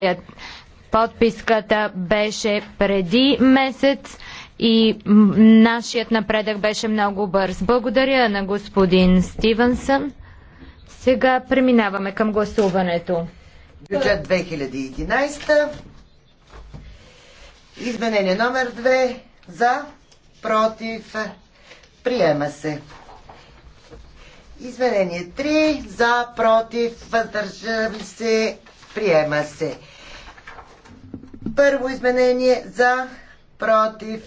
Е, подписката беше преди месец и нашият напредък беше много бърз. Благодаря на господин Стивенсън. Сега преминаваме към гласуването. Бюджет 2011. Изменение номер 2. За. Против. Приема се. Изменение 3. За. Против. Въздържали се. Приема се. Първо изменение за против.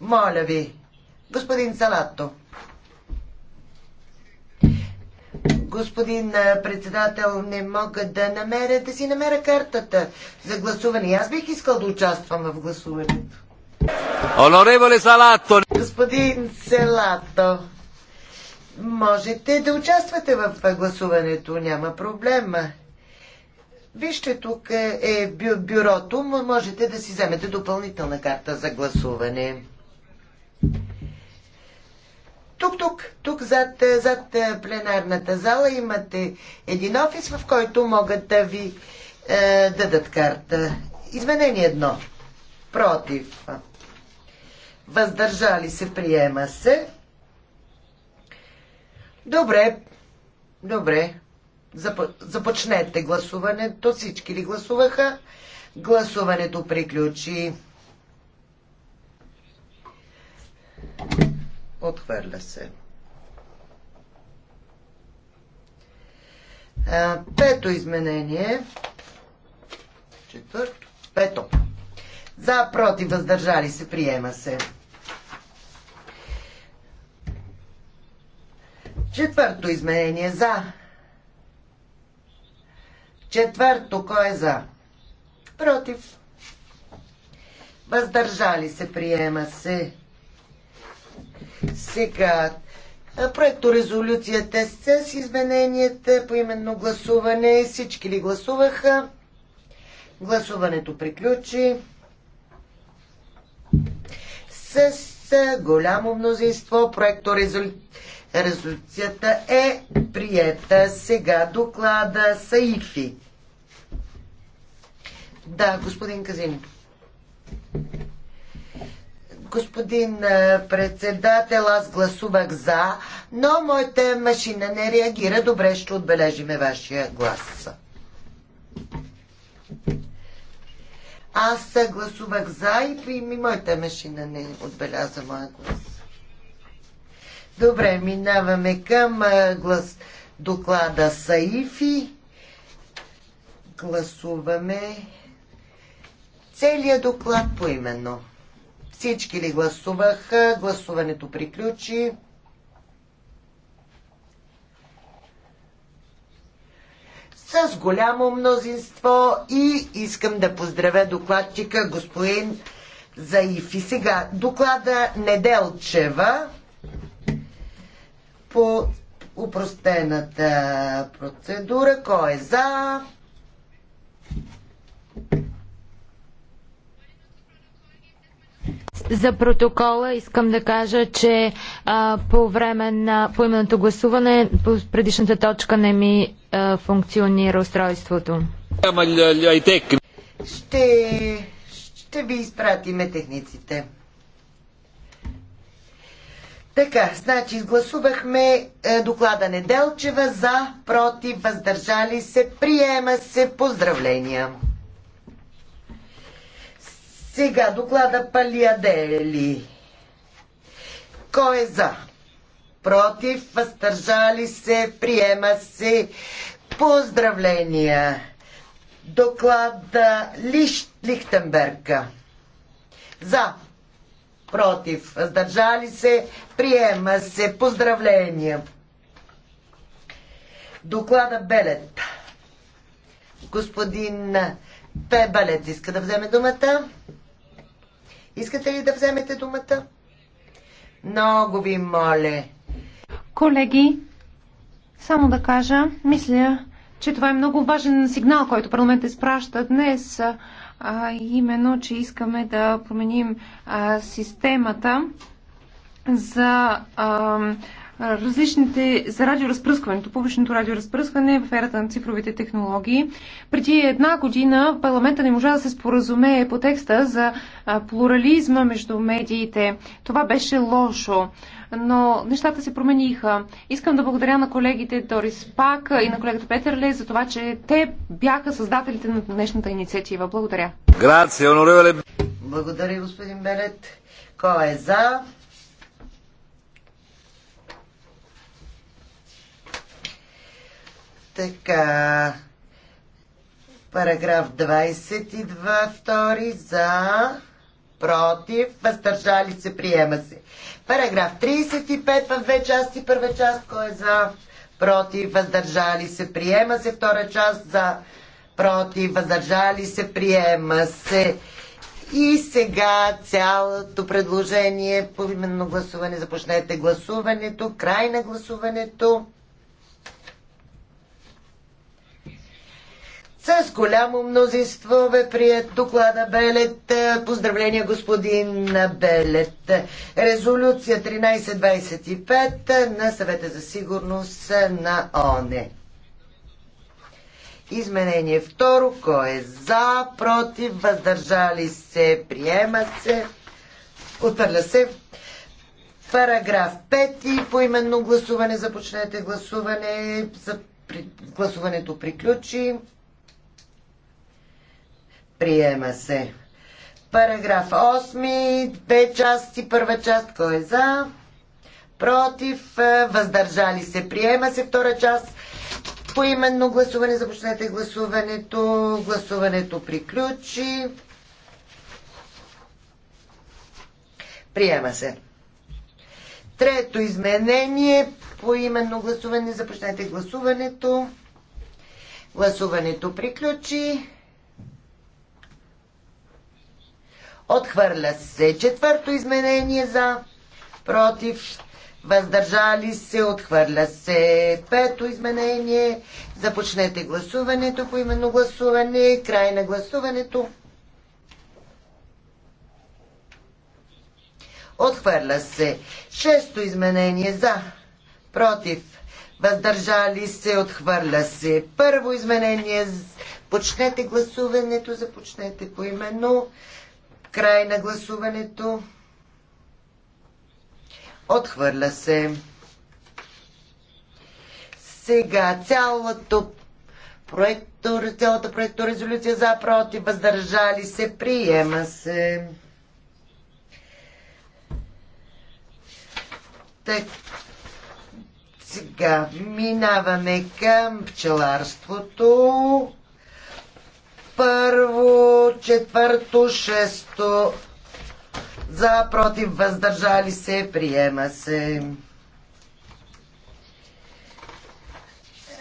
Моля ви, господин Салато. Господин председател, не мога да намеря, да си намеря картата за гласуване. Аз бих искал да участвам в гласуването. Онореволе Салато! Господин Салато, можете да участвате в гласуването, няма проблема. Вижте, тук е, е бю бюрото, можете да си вземете допълнителна карта за гласуване. Тук, тук, тук зад, зад е, пленарната зала имате един офис, в който могат да ви е, дадат карта. Изменение едно. Против. Въздържали се, приема се. Добре. Добре. Започнете гласуването. Всички ли гласуваха? Гласуването приключи. Отхвърля се. Пето изменение. Четвърто. Пето. За, против, въздържали се, приема се. Четвърто изменение. За, Четвърто, кой е за? Против. Въздържали се, приема се. Сега, проекто резолюцията с измененията по именно гласуване. Всички ли гласуваха? Гласуването приключи. С голямо мнозинство проекто резолюцията Резолюцията е приета. Сега доклада Саифи. Да, господин Казин. Господин председател, аз гласувах за, но моята машина не реагира. Добре, ще отбележиме вашия глас. Аз гласувах за и при моята машина не отбеляза моя глас. Добре, минаваме към глас... доклада Саифи. Гласуваме целият доклад поименно. Всички ли гласуваха? Гласуването приключи. С голямо мнозинство и искам да поздравя докладчика господин Заифи. Сега доклада Неделчева по упростената процедура. Кой е за? За протокола искам да кажа, че а, по време на поименното гласуване по предишната точка не ми а, функционира устройството. Ще, ще ви изпратиме техниците. Така, значи гласувахме е, доклада Неделчева за, против, въздържали се, приема се, поздравления. Сега доклада Палиадели. Кой е за? Против, въздържали се, приема се, поздравления. Доклада Лихтенберга. За, против, въздържали се, приема се. Поздравления! Доклада Белет. Господин Пебалет иска да вземе думата. Искате ли да вземете думата? Много ви моля. Колеги, само да кажа, мисля, че това е много важен сигнал, който парламентът изпраща днес а именно, че искаме да променим а, системата за а, различните за радиоразпръскването, публичното радиоразпръскване в ерата на цифровите технологии. Преди една година парламента не можа да се споразумее по текста за плурализма между медиите. Това беше лошо, но нещата се промениха. Искам да благодаря на колегите Дорис Пак и на колегата Петърле за това, че те бяха създателите на днешната инициатива. Благодаря. Благодаря, господин Белет. Кой е за? Така. Параграф 22, втори за, против, въздържали се, приема се. Параграф 35 в две части, първа част, кой е за, против, въздържали се, приема се, втора част за, против, въздържали се, приема се. И сега цялото предложение по именно гласуване. Започнете гласуването, край на гласуването. С голямо мнозинство бе прият доклада Белет. Поздравления, господин Белет. Резолюция 1325 на съвета за сигурност на ОНЕ. Изменение второ. Кой е за, против, въздържали се, приема се, отърля се. Параграф 5. По именно гласуване. Започнете гласуване. За... Гласуването приключи. Приема се. Параграф 8, две части, първа част, кой е за? Против, е, въздържали се. Приема се втора част. Поименно гласуване, започнете гласуването. Гласуването приключи. Приема се. Трето изменение, поименно гласуване, започнете гласуването. Гласуването приключи. Отхвърля се четвърто изменение за против. Въздържали се, отхвърля се пето изменение. Започнете гласуването по именно гласуване. Край на гласуването. Отхвърля се шесто изменение за против. Въздържали се, отхвърля се първо изменение. Почнете гласуването, започнете по именно. Край на гласуването. Отхвърля се. Сега цялото проекто, цялата проекто резолюция за против, въздържали се, приема се. Так, сега минаваме към пчеларството. Първо, четвърто, шесто. За, против, въздържали се, приема се.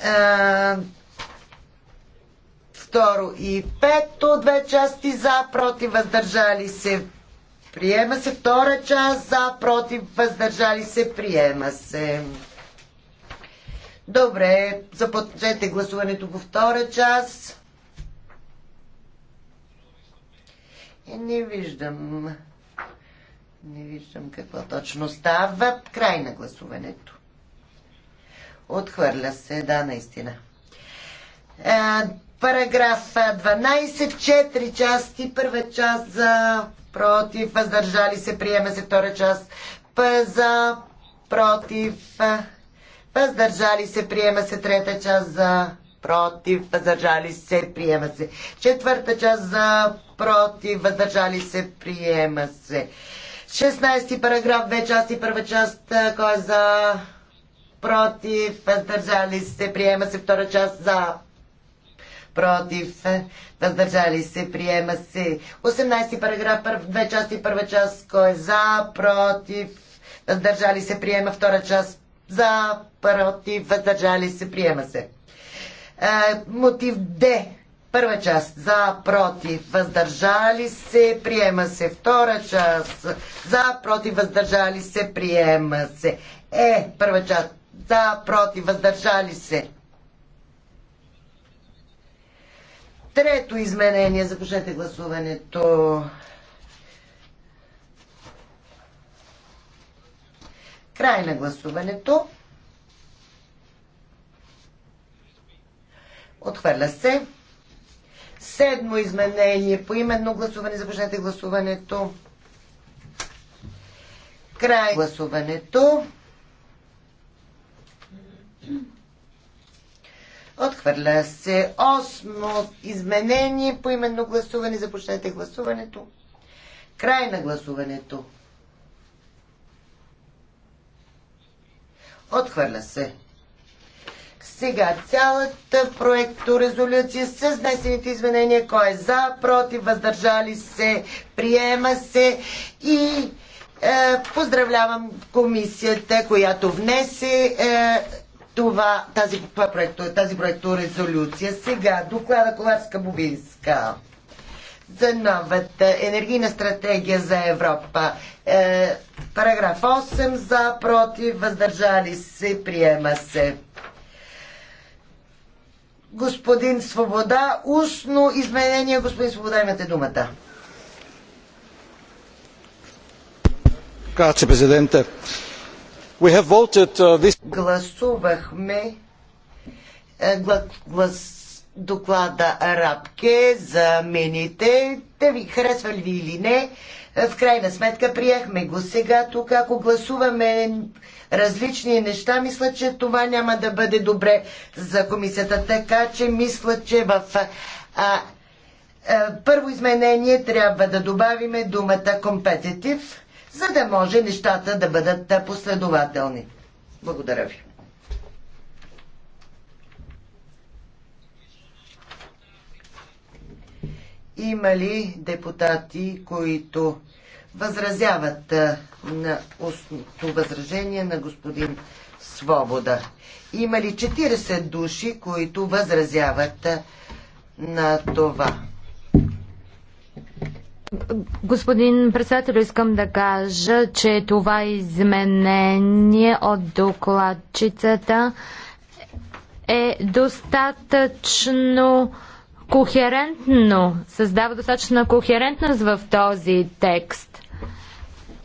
А, второ и пето, две части за, против, въздържали се, приема се. Втора част за, против, въздържали се, приема се. Добре, започнете гласуването по втора част. Не виждам. Не виждам какво точно става. Край на гласуването. Отхвърля се, да, наистина. Е, параграф 12, 4 части. Първа част за против, въздържали се, приема се втора част. П за против, въздържали се, приема се трета част за против, въздържали се, приема се. Четвърта част за против, въздържали се, приема се. 16 ти параграф, 2 части, първа част, кой е за, против, въздържали се, приема се, втора част, за, против, въздържали се, приема се. 18 параграф, две части, първа част, кой е за, против, въздържали се, приема втора част, за, против, въздържали се, приема се. мотив Д. Първа част за, против, въздържали се, приема се. Втора част за, против, въздържали се, приема се. Е, първа част за, против, въздържали се. Трето изменение, започнете гласуването. Край на гласуването. Отхвърля се. Седмо изменение. По именно гласуване. Започнете гласуването. Край гласуването. Отхвърля се. Осмо изменение. По именно гласуване. Започнете гласуването. Край на гласуването. Отхвърля се. Сега цялата проекто резолюция с внесените изменения, кой е за, против, въздържали се, приема се и е, поздравлявам комисията, която внесе е, това, тази, това проекто, тази проекто резолюция. Сега доклада Коларска-Бубинска за новата енергийна стратегия за Европа. Е, параграф 8 за, против, въздържали се, приема се господин Свобода. Устно изменение, господин Свобода, имате думата. Grazie, президенте. We have voted, uh, this... Гласувахме е, глас, глас, доклада Рапке за мените. Те ви харесва ли или не, в крайна сметка приехме го. Сега тук, ако гласуваме различни неща, мисля, че това няма да бъде добре за комисията. Така че мисля, че в а, а, първо изменение трябва да добавиме думата компетитив, за да може нещата да бъдат последователни. Благодаря ви. Има ли депутати, които възразяват на устното възражение на господин Свобода? Има ли 40 души, които възразяват на това? Господин председател, искам да кажа, че това изменение от докладчицата е достатъчно кохерентно, създава достатъчна кохерентност в този текст.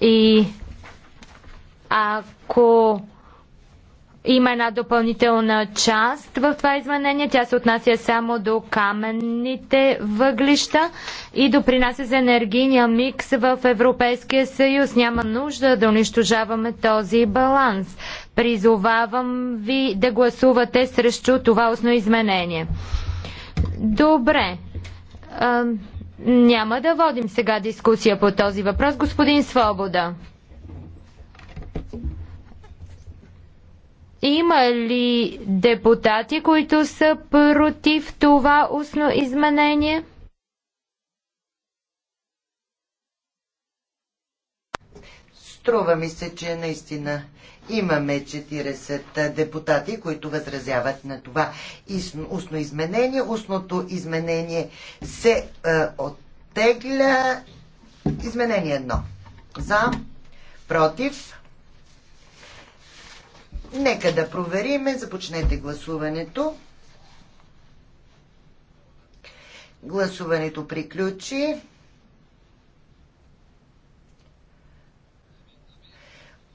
И ако има една допълнителна част в това изменение. Тя се отнася само до каменните въглища и допринася за енергийния микс в Европейския съюз. Няма нужда да унищожаваме този баланс. Призовавам ви да гласувате срещу това основно изменение. Добре. А, няма да водим сега дискусия по този въпрос, господин Свобода. Има ли депутати, които са против това устно изменение? Струва ми се, че наистина Имаме 40 депутати, които възразяват на това устно изменение. Устното изменение се е, оттегля. Изменение едно. За, против. Нека да провериме. Започнете гласуването. Гласуването приключи.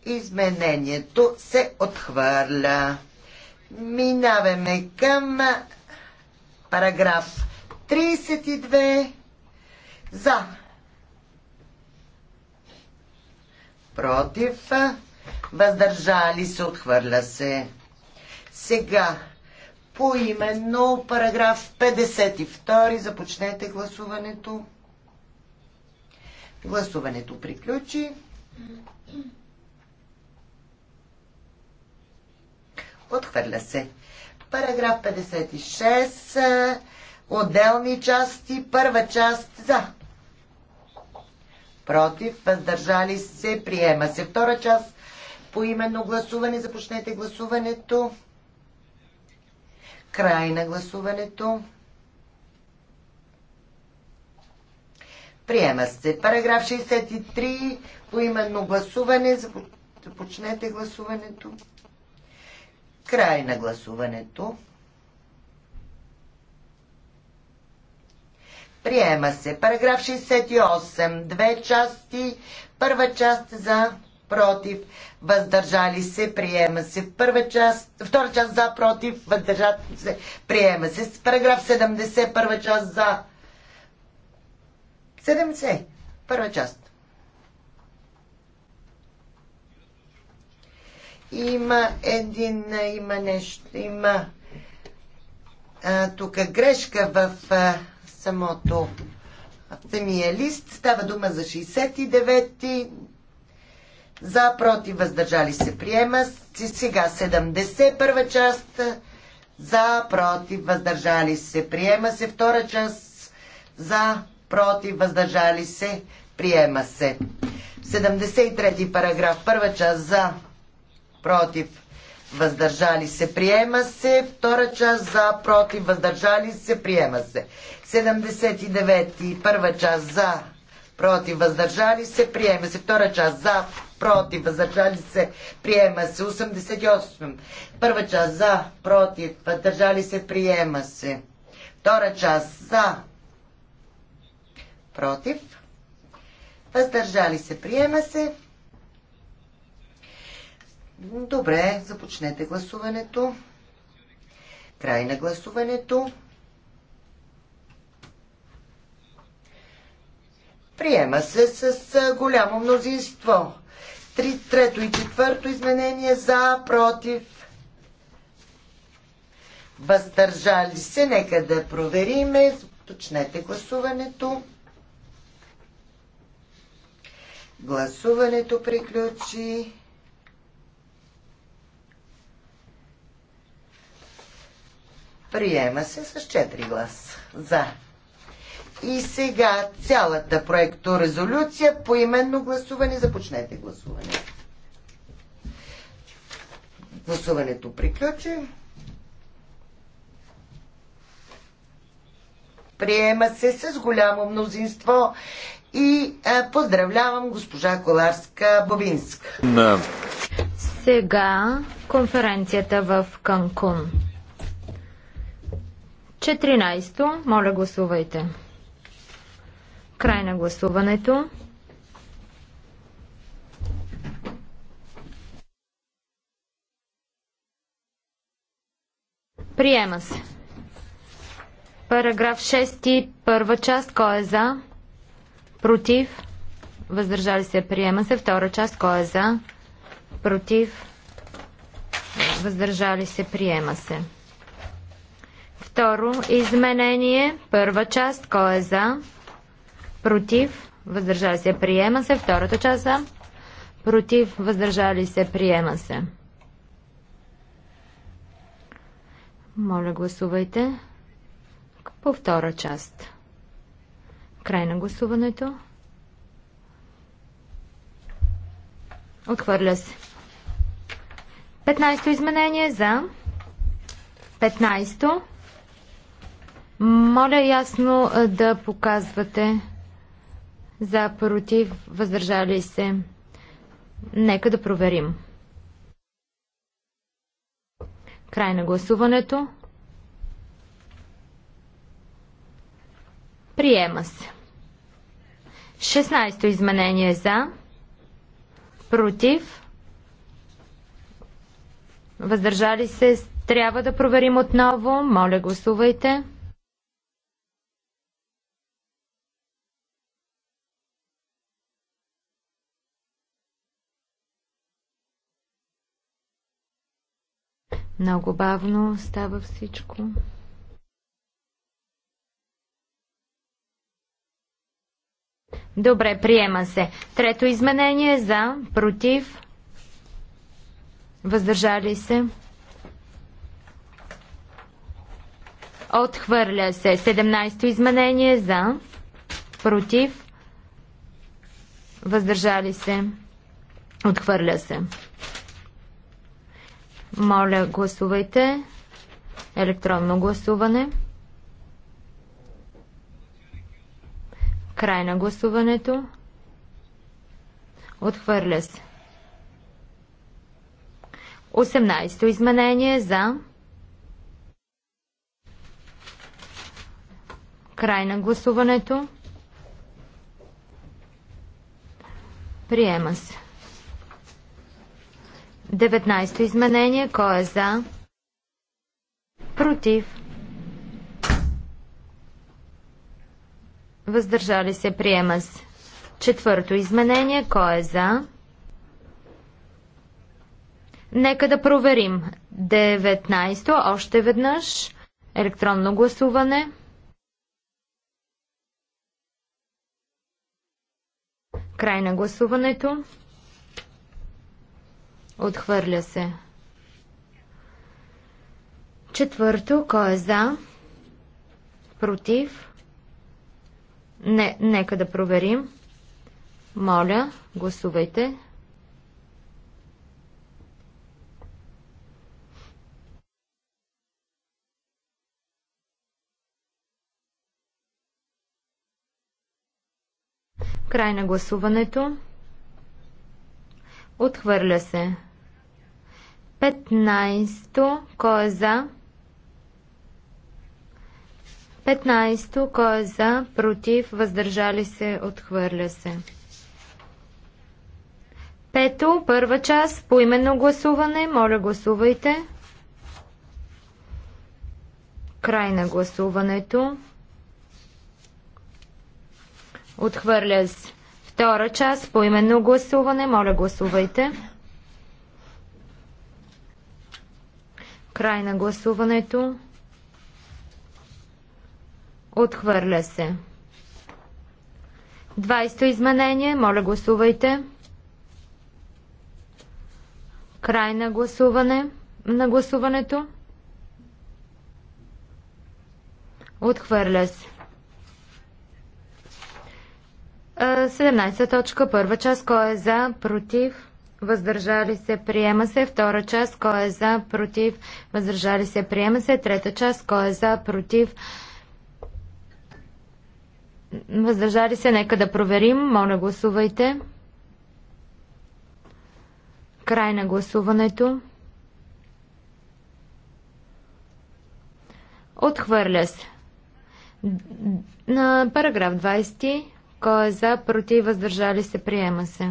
Изменението се отхвърля. Минаваме към параграф 32. За. Против. Въздържали се. Отхвърля се. Сега. Поименно параграф 52. Започнете гласуването. Гласуването приключи. Mm-hmm. Отхвърля се. Параграф 56. Отделни части. Първа част за. Против. Въздържали се. Приема се. Втора част. По именно гласуване. Започнете гласуването. Край на гласуването. Приема се. Параграф 63. По именно гласуване. Започнете гласуването. Край на гласуването. Приема се. Параграф 68. Две части. Първа част за против, въздържали се, приема се. Първа част, втора част за против, въздържали се, приема се. Параграф 70, първа част за 70, първа част. Има един, има нещо, има а, тук грешка в а, самото самия лист. Става дума за 69-ти. За, против, въздържали се, приема. Сега 71 та част. За, против, въздържали се, приема се. Втора част. За, против, въздържали се, приема се. 73 параграф, първа част. За, против, въздържали се, приема се. Втора част за, против, въздържали се, приема се. 79. Първа част за, против, въздържали се, приема се. Втора част за, против, въздържали се, приема се. 88. Първа част за, против, въздържали се, приема се. Втора част за, против, въздържали се, приема се. Добре, започнете гласуването. Край на гласуването. Приема се с голямо мнозинство. Три, трето и четвърто изменение за, против. Въздържали се. Нека да провериме. Започнете гласуването. Гласуването приключи. Приема се с 4 гласа. За. И сега цялата проекторезолюция по именно гласуване. Започнете гласуване. Гласуването приключи. Приема се с голямо мнозинство и е, поздравлявам госпожа Коларска Бобинска. Сега конференцията в Канкун. 14. Моля гласувайте. Край на гласуването. Приема се. Параграф 6, първа част, кой е за? Против? Въздържали се, приема се. Втора част, кой е за? Против? Въздържали се, приема се. Второ изменение, първа част, кой е за? Против, въздържали се, приема се. Втората част за? Против, въздържали се, приема се. Моля, гласувайте по втора част. Край на гласуването. Отхвърля се. 15-то изменение за 15-то. Моля ясно да показвате за против, въздържали се. Нека да проверим. Край на гласуването. Приема се. 16-то изменение за. Против. Въздържали се. Трябва да проверим отново. Моля, гласувайте. Много бавно става всичко. Добре, приема се. Трето изменение за, против, въздържали се. Отхвърля се. 17-то изменение за, против, въздържали се. Отхвърля се. Моля, гласувайте. Електронно гласуване. Край на гласуването. Отхвърля се. 18-то изменение за край на гласуването. Приема се. 19 изменение. Кой е за? Против. Въздържали се. Приема се. Четвърто изменение. Кой е за? Нека да проверим. 19. то Още веднъж. Електронно гласуване. Край на гласуването. Отхвърля се. Четвърто, кой е за? Против? Не, нека да проверим. Моля, гласувайте. Край на гласуването. Отхвърля се. 15-то, Петнайсто е за? 15-то, кой е за? Против, въздържали се, отхвърля се. Пето, първа част, поименно гласуване. Моля, гласувайте. Край на гласуването. Отхвърля се. Втора част, поименно гласуване. Моля, гласувайте. Край на гласуването. Отхвърля се. 20-то изменение. Моля, гласувайте. Край на гласуване. На гласуването. Отхвърля се. 17 точка, първа част. Кой е за? Против? въздържали се, приема се. Втора част, кой е за, против, въздържали се, приема се. Трета част, кой е за, против, въздържали се. Нека да проверим. Моля, гласувайте. Край на гласуването. Отхвърля се. На параграф 20, кой е за, против, въздържали се, приема се.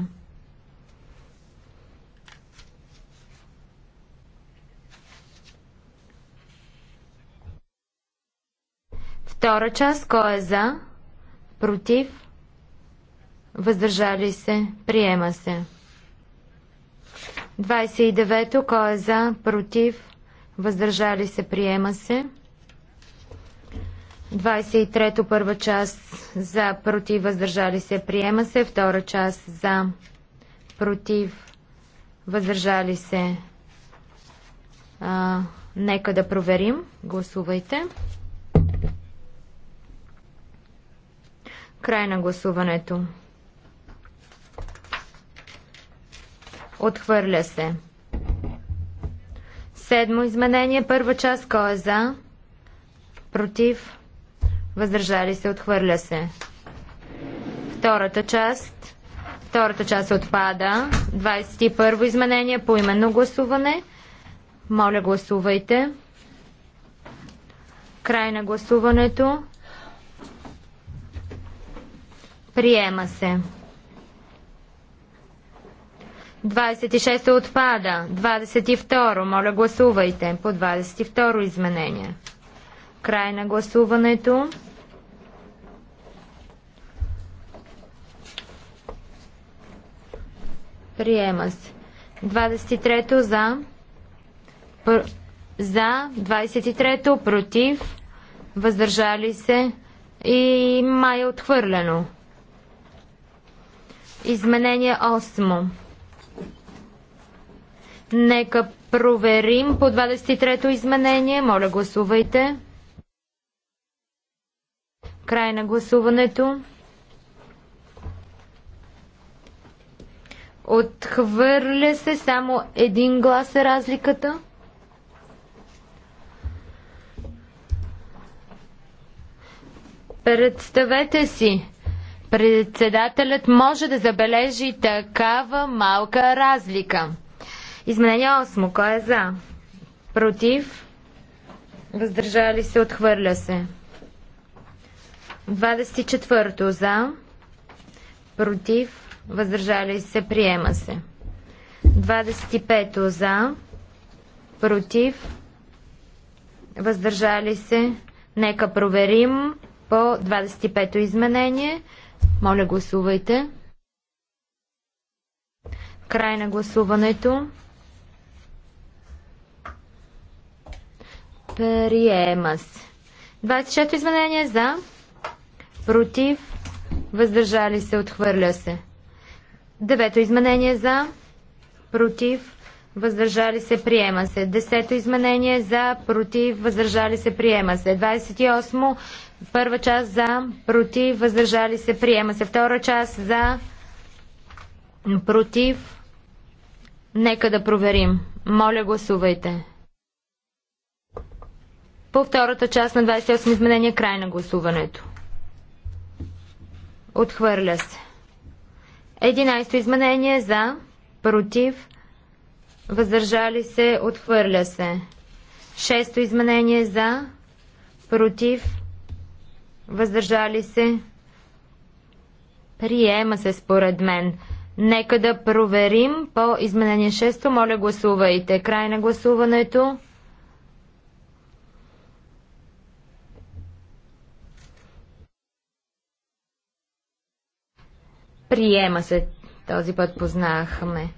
Втора част, кой е за? Против? Въздържали се? Приема се. 29-то, кой е за? Против? Въздържали се? Приема се. 23-то, първа част за, против, въздържали се, приема се. Втора част за, против, въздържали се. А, нека да проверим. Гласувайте. Край на гласуването. Отхвърля се. Седмо изменение, първа част, кой е за? Против? Въздържали се, отхвърля се. Втората част. Втората част отпада. 21 изменение по именно гласуване. Моля, гласувайте. Край на гласуването. Приема се. 26 отпада. 22. Моля гласувайте по 22 изменение. Край на гласуването. Приема се. 23 за. Пр... За. 23 против. Въздържали се. И май е отхвърлено. Изменение 8. Нека проверим по 23-то изменение. Моля, гласувайте. Край на гласуването. Отхвърля се само един глас е разликата. Представете си, Председателят може да забележи такава малка разлика. Изменение 8. Кой е за? Против? Въздържали се? Отхвърля се. 24. За? Против? Въздържали се? Приема се. 25. За? Против? Въздържали се? Нека проверим по 25-то изменение. Моля, гласувайте. Край на гласуването. Приема се. 26 изменение за. Против. Въздържали се. Отхвърля се. Девето изменение за. Против въздържали се, приема се. Десето изменение за, против, въздържали се, приема се. 28. Първа част за, против, въздържали се, приема се. Втора част за, против. Нека да проверим. Моля, гласувайте. По втората част на 28 изменение край на гласуването. Отхвърля се. 11 изменение за, против, въздържали се, отхвърля се. Шесто изменение за, против, въздържали се, приема се според мен. Нека да проверим по изменение 6. Моля, гласувайте. Край на гласуването. Приема се. Този път познахме.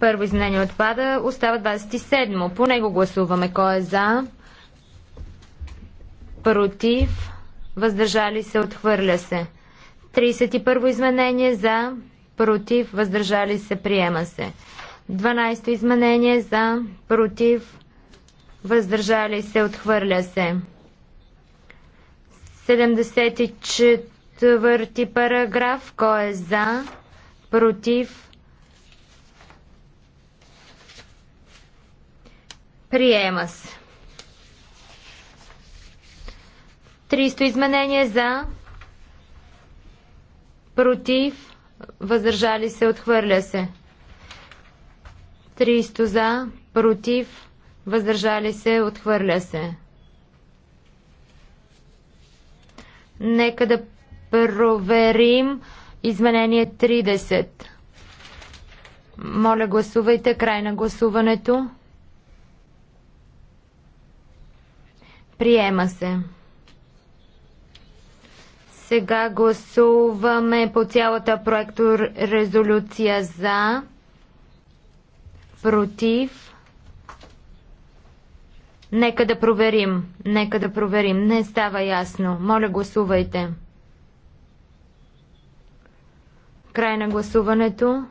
Първо изменение отпада. Остава 27. По него гласуваме. Кой е за? Против? Въздържали се? Отхвърля се. 31 изменение за? Против? Въздържали се? Приема се. 12 изменение за? Против? Въздържали се? Отхвърля се. 74 параграф. Кой е за? Против? Приема се. 300 изменение за. Против. Въздържали се. Отхвърля се. 300 за. Против. Въздържали се. Отхвърля се. Нека да проверим изменение 30. Моля гласувайте край на гласуването. Приема се. Сега гласуваме по цялата резолюция за, против. Нека да проверим. Нека да проверим. Не става ясно. Моля, гласувайте. Край на гласуването.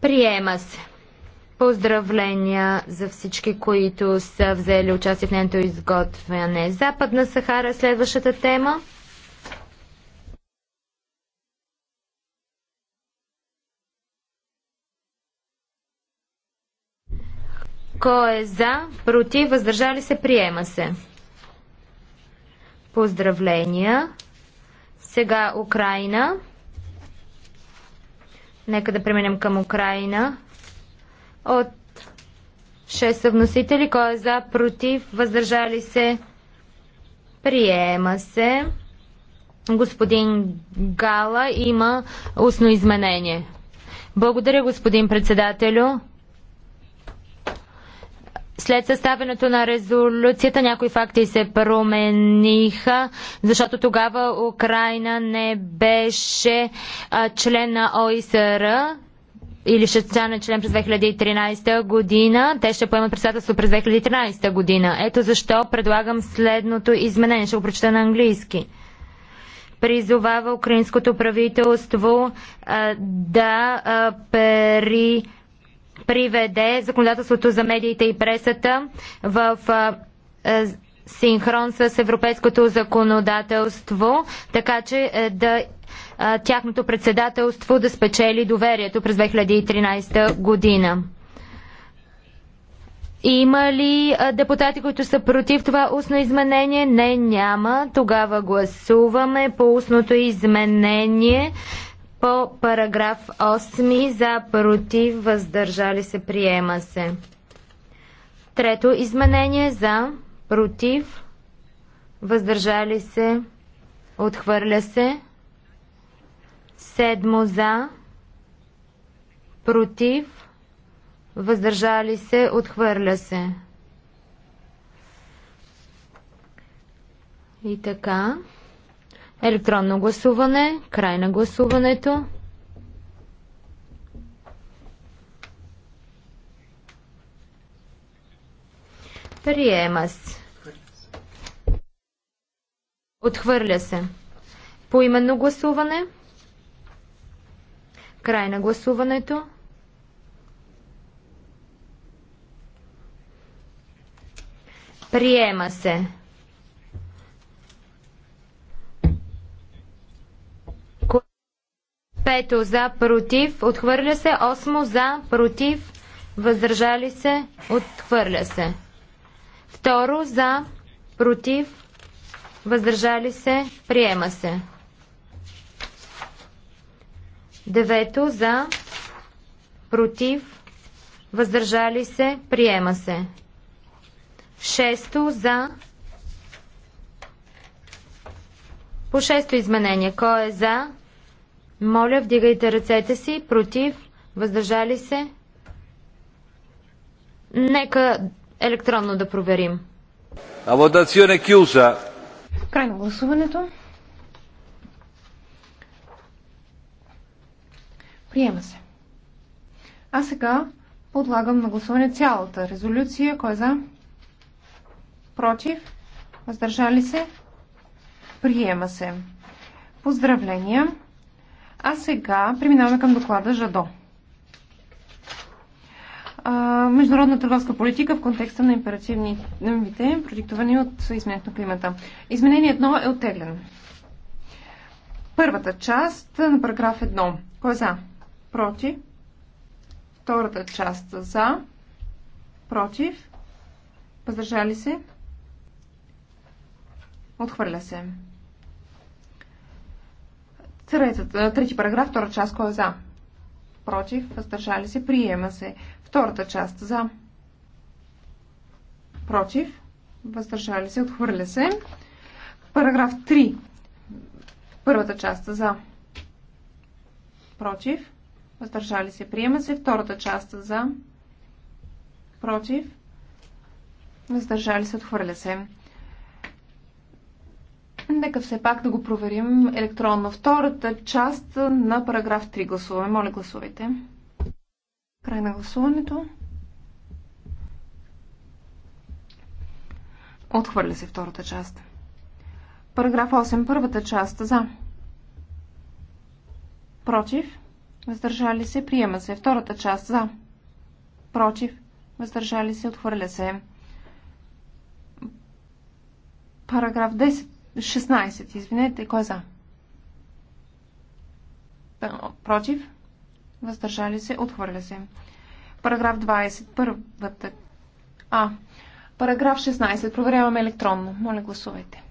Приема се. Поздравления за всички, които са взели участие в нейното изготвяне. Западна Сахара следващата тема. Кой е за, против, въздържали се, приема се. Поздравления. Сега Украина. Нека да преминем към Украина от 6 съвносители. Кой е за, против, въздържали се, приема се. Господин Гала има устно изменение. Благодаря, господин председателю. След съставянето на резолюцията някои факти се промениха, защото тогава Украина не беше а, член на ОИСР или ще стане член през 2013 година. Те ще поемат председателство през 2013 година. Ето защо предлагам следното изменение. Ще го прочета на английски. Призовава украинското правителство а, да а, пери, приведе законодателството за медиите и пресата в а, синхрон с европейското законодателство, така че е, да тяхното председателство да спечели доверието през 2013 година. Има ли депутати, които са против това устно изменение? Не, няма. Тогава гласуваме по устното изменение по параграф 8 за против, въздържали се, приема се. Трето изменение за против, въздържали се, отхвърля се. Седмо за, против, въздържали се, отхвърля се. И така. Електронно гласуване, край на гласуването. Приема се. Отхвърля се. Поименно гласуване. Край на гласуването. Приема се. Пето за против. Отхвърля се. Осмо за против. Въздържали се. Отхвърля се. Второ за против. Въздържали се. Приема се. Девето за, против, въздържали се, приема се. Шесто за, по шесто изменение, кой е за, моля вдигайте ръцете си, против, въздържали се. Нека електронно да проверим. А votazione chiusa. Край на гласуването. Приема се. А сега подлагам на гласуване цялата резолюция. Кой е за? Против? Въздържали се? Приема се. Поздравления! А сега преминаваме към доклада Жадо. международна търговска политика в контекста на императивните, продиктовани от изменението на климата. Изменение 1 е оттеглено. Първата част на параграф 1. Кой е за? против, втората част за, против, въздържали се, отхвърля се. трети параграф, втора част, кой е за? Против, въздържали се, приема се. Втората част за, против, въздържали се, отхвърля се. Параграф 3, първата част за, против, въздържали се, приема се. Втората част за, против, въздържали се, отхвърля се. Нека все пак да го проверим електронно. Втората част на параграф 3 гласуваме. Моля, гласувайте. Край на гласуването. Отхвърля се втората част. Параграф 8, първата част за. Против въздържали се, приема се. Втората част за, против, въздържали се, отхвърля се. Параграф 10, 16, извинете, кой е за? Против, въздържали се, отхвърля се. Параграф 20, първата... А, параграф 16, проверяваме електронно. Моля, гласувайте.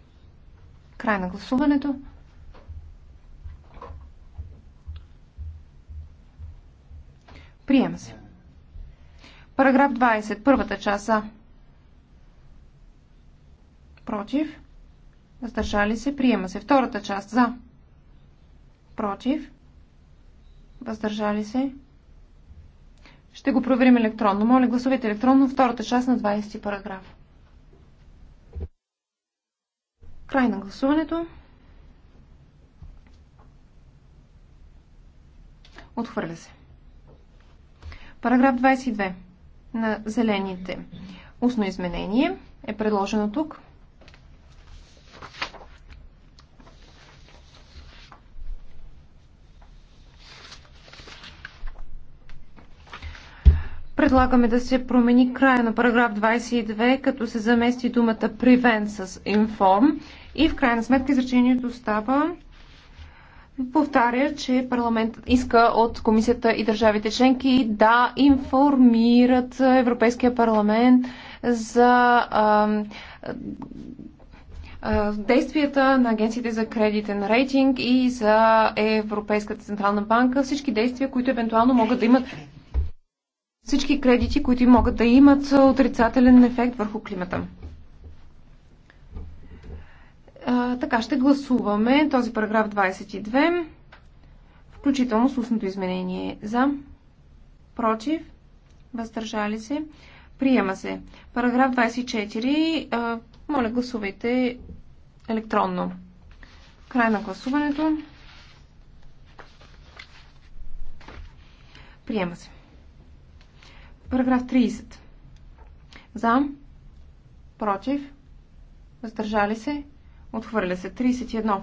Край на гласуването. Приема се. Параграф 20. Първата част за. Против. Въздържали се. Приема се. Втората част за. Против. Въздържали се. Ще го проверим електронно. Моля, гласувайте електронно втората част на 20 параграф. Край на гласуването. Отхвърля се. Параграф 22 на зелените. Устно изменение е предложено тук. Предлагаме да се промени края на параграф 22, като се замести думата prevent с inform и в крайна сметка изречението става повтаря, че парламентът иска от комисията и държавите членки да информират Европейския парламент за действията на агенциите за кредитен рейтинг и за Европейската централна банка, всички действия, които евентуално могат да имат всички кредити, които могат да имат отрицателен ефект върху климата. А, така ще гласуваме този параграф 22, включително с устното изменение. За, против, въздържали се, приема се. Параграф 24, а, моля гласувайте електронно. Край на гласуването. Приема се. Параграф 30. За, против, въздържали се, Отхвърля се. 31.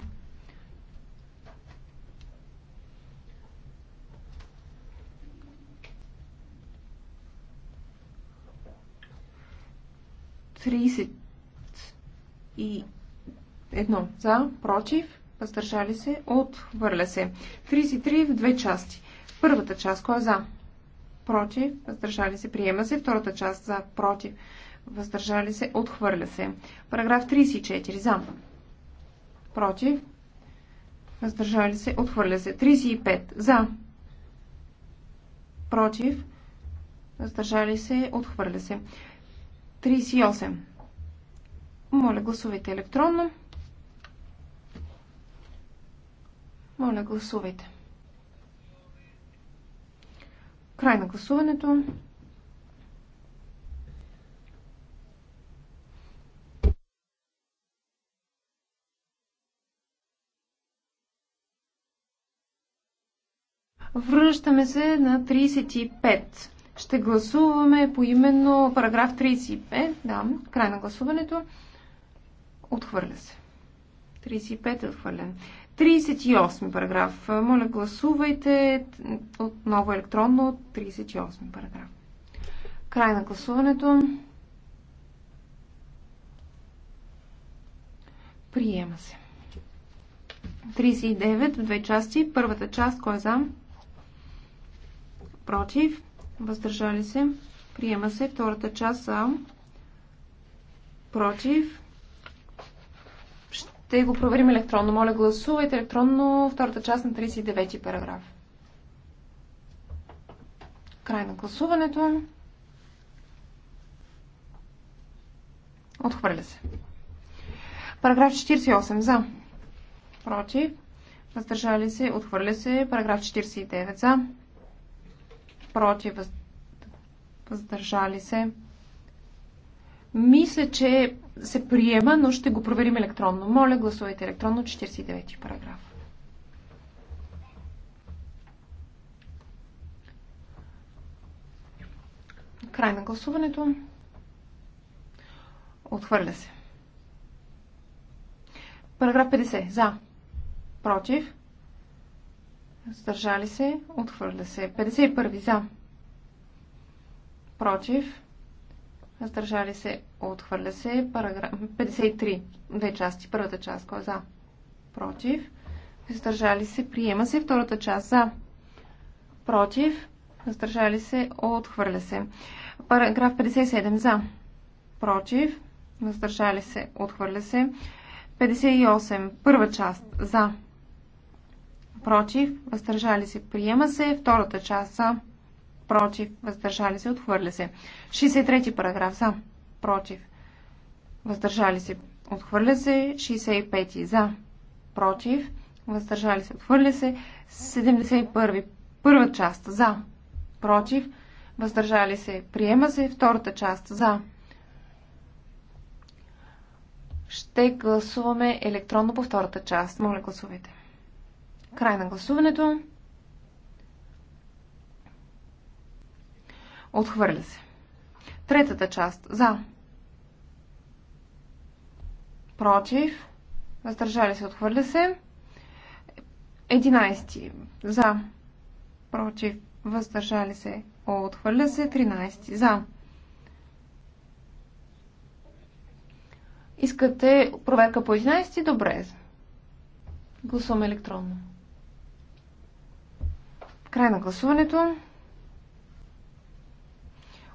Тридесет и едно за, против, въздържали се, отхвърля се. 33 в две части. Първата част, кой е за? Против, въздържали се, приема се. Втората част за, против, въздържали се, отхвърля се. Параграф 34 за против, въздържали се, отхвърля се. 35 за, против, въздържали се, отхвърля се. 38. Моля, гласувайте електронно. Моля, гласувайте. Край на гласуването. Връщаме се на 35. Ще гласуваме по именно параграф 35. Да, край на гласуването. Отхвърля се. 35 е отхвърлен. 38 параграф. Моля, гласувайте отново електронно 38 параграф. Край на гласуването. Приема се. 39 в две части. Първата част, кой е за? против, въздържали се, приема се. Втората част за, против. Ще го проверим електронно. Моля, гласувайте електронно втората част на 39 параграф. Край на гласуването. Отхвърля се. Параграф 48 за. Против. Въздържали се. Отхвърля се. Параграф 49 за против, въздържали се. Мисля, че се приема, но ще го проверим електронно. Моля, гласувайте електронно 49 параграф. Край на гласуването. Отхвърля се. Параграф 50. За. Против. Сдържали се. Отхвърля се. 51 за. Против. Сдържали се. Отхвърля се. Параграф... 53. Две части. Първата част. Кой е за? Против. Сдържали се. Приема се. Втората част. За. Против. Сдържали се. Отхвърля се. Параграф 57. За. Против. Сдържали се. Отхвърля се. 58. Първа част. За против, въздържали се, приема се. Втората част за, против, въздържали се, отхвърля се. 63 ти параграф за, против, въздържали се, отхвърля се. 65 за, против, въздържали се, отхвърля се. 71 първа част за, против, въздържали се, приема се. Втората част за, ще гласуваме електронно по втората част. Моля, гласувайте. Край на гласуването. Отхвърля се. Третата част. За. Против. Въздържали се. Отхвърля се. 11. За. Против. Въздържали се. Отхвърля се. 13. За. Искате проверка по 11? Добре. Гласуваме електронно. Край на гласуването.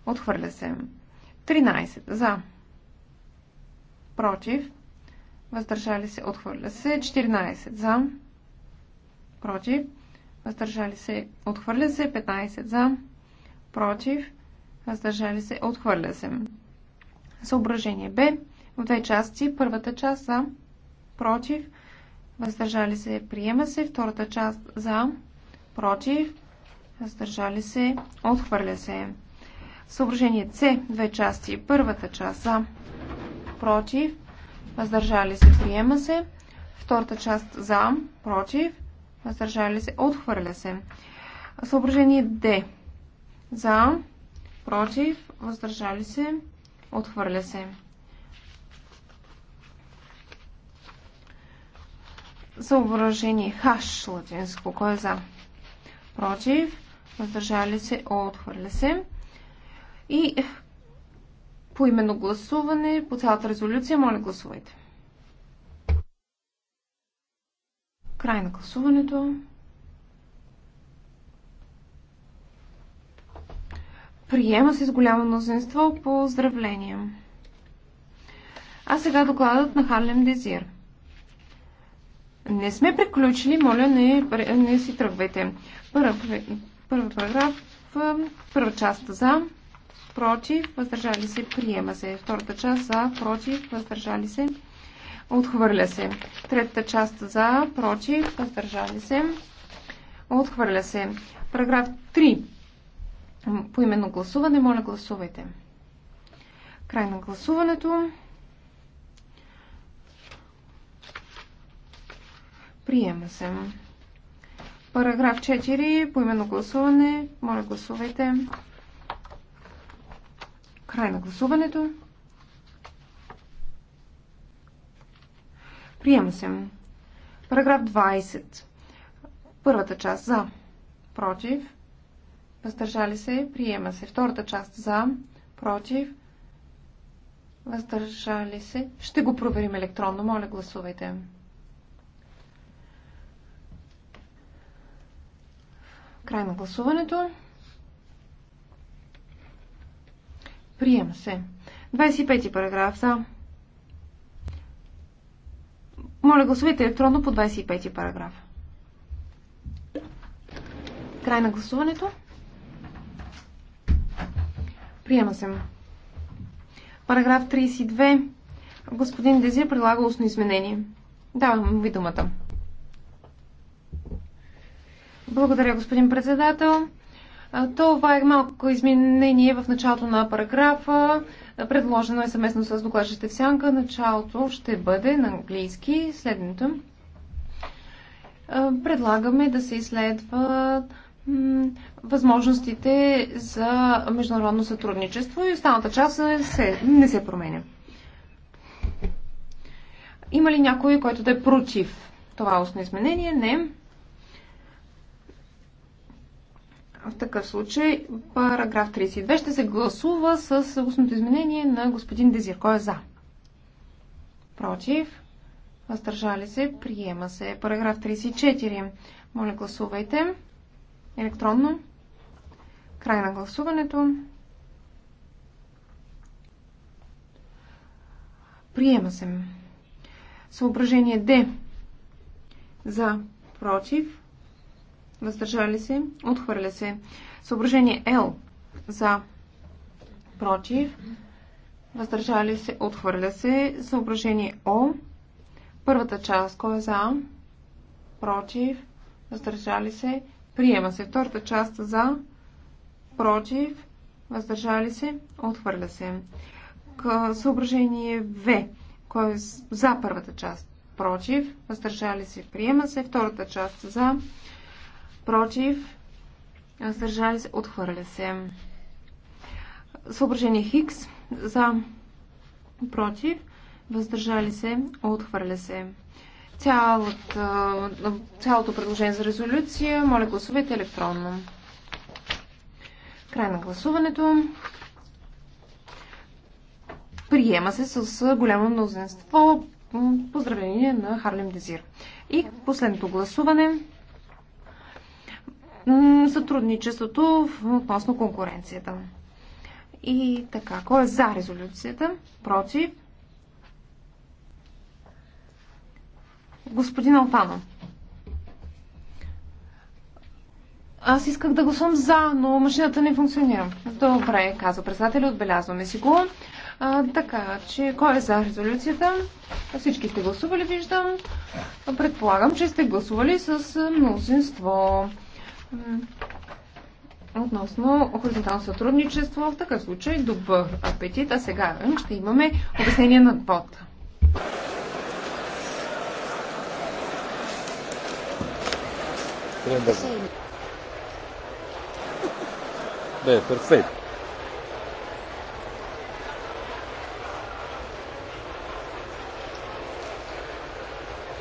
Отхвърля се. 13 за. Против. Въздържали се. Отхвърля се. 14 за. Против. Въздържали се. Отхвърля се. 15 за. Против. Въздържали се. Отхвърля се. Съображение Б. В две части. Първата част за. Против. Въздържали се. Приема се. Втората част за. Против против, въздържали се, отхвърля се. Съображение С, две части. Първата част за, против, въздържали се, приема се. Втората част за, против, въздържали се, отхвърля се. Съображение Д, за, против, въздържали се, отхвърля се. Съображение Х, латинско, кое е за? против, въздържали се, отхвърля се. И по именно гласуване по цялата резолюция, моля гласувайте. Край на гласуването. Приема се с голямо мнозинство. Поздравления! А сега докладът на Харлем Дезир. Не сме приключили, моля, не, не си тръгвайте. Първа параграф, първа част за, против, въздържали се, приема се. Втората част за, против, въздържали се, отхвърля се. Третата част за, против, въздържали се, отхвърля се. Параграф 3. По именно гласуване, моля гласувайте. Край на гласуването. Приема се. Параграф 4. Поименно гласуване. Моля, гласувайте. Край на гласуването. Приема се. Параграф 20. Първата част за. Против. Въздържали се. Приема се. Втората част за. Против. Въздържали се. Ще го проверим електронно. Моля, гласувайте. Край на гласуването. Приема се. 25 параграф за. Моля, гласувайте електронно по 25 параграф. Край на гласуването. Приема се. Параграф 32. Господин Дезир предлага устно изменение. Давам ви думата. Благодаря, господин председател. Това е малко изменение в началото на параграфа. Предложено е съместно с докладчите в сянка. Началото ще бъде на английски следното. Предлагаме да се изследват възможностите за международно сътрудничество и останата част не се, не се променя. Има ли някой, който да е против това устно изменение? Не. В такъв случай параграф 32 ще се гласува с устното изменение на господин Дезир. Кой е за? Против? Въздържали се? Приема се. Параграф 34. Моля, гласувайте. Електронно. Край на гласуването. Приема се. Съображение Д. За, против, въздържали се, отхвърля се. Съображение L за против, въздържали се, отхвърля се. Съображение О, първата част, кой е за, против, въздържали се, приема се. Втората част за, против, въздържали се, отхвърля се. К съображение В, кой е за първата част, против, въздържали се, приема се. Втората част за, против, против, въздържали се, отхвърля се. Съображение Хикс за, против, въздържали се, отхвърля се. Цялата, цялото предложение за резолюция, моля гласувайте електронно. Край на гласуването. Приема се с голямо мнозинство. Поздравление на Харлем Дезир. И последното гласуване сътрудничеството относно конкуренцията. И така, кой е за резолюцията? Против? Господин Алфано, Аз исках да гласувам за, но машината не функционира. Добре, казва председателя, отбелязваме си го. А, така, че кой е за резолюцията? Всички сте гласували, виждам. Предполагам, че сте гласували с мнозинство относно хоризонтално сътрудничество. В такъв случай добър апетит, а сега ще имаме обяснение на вода. Да, перфект.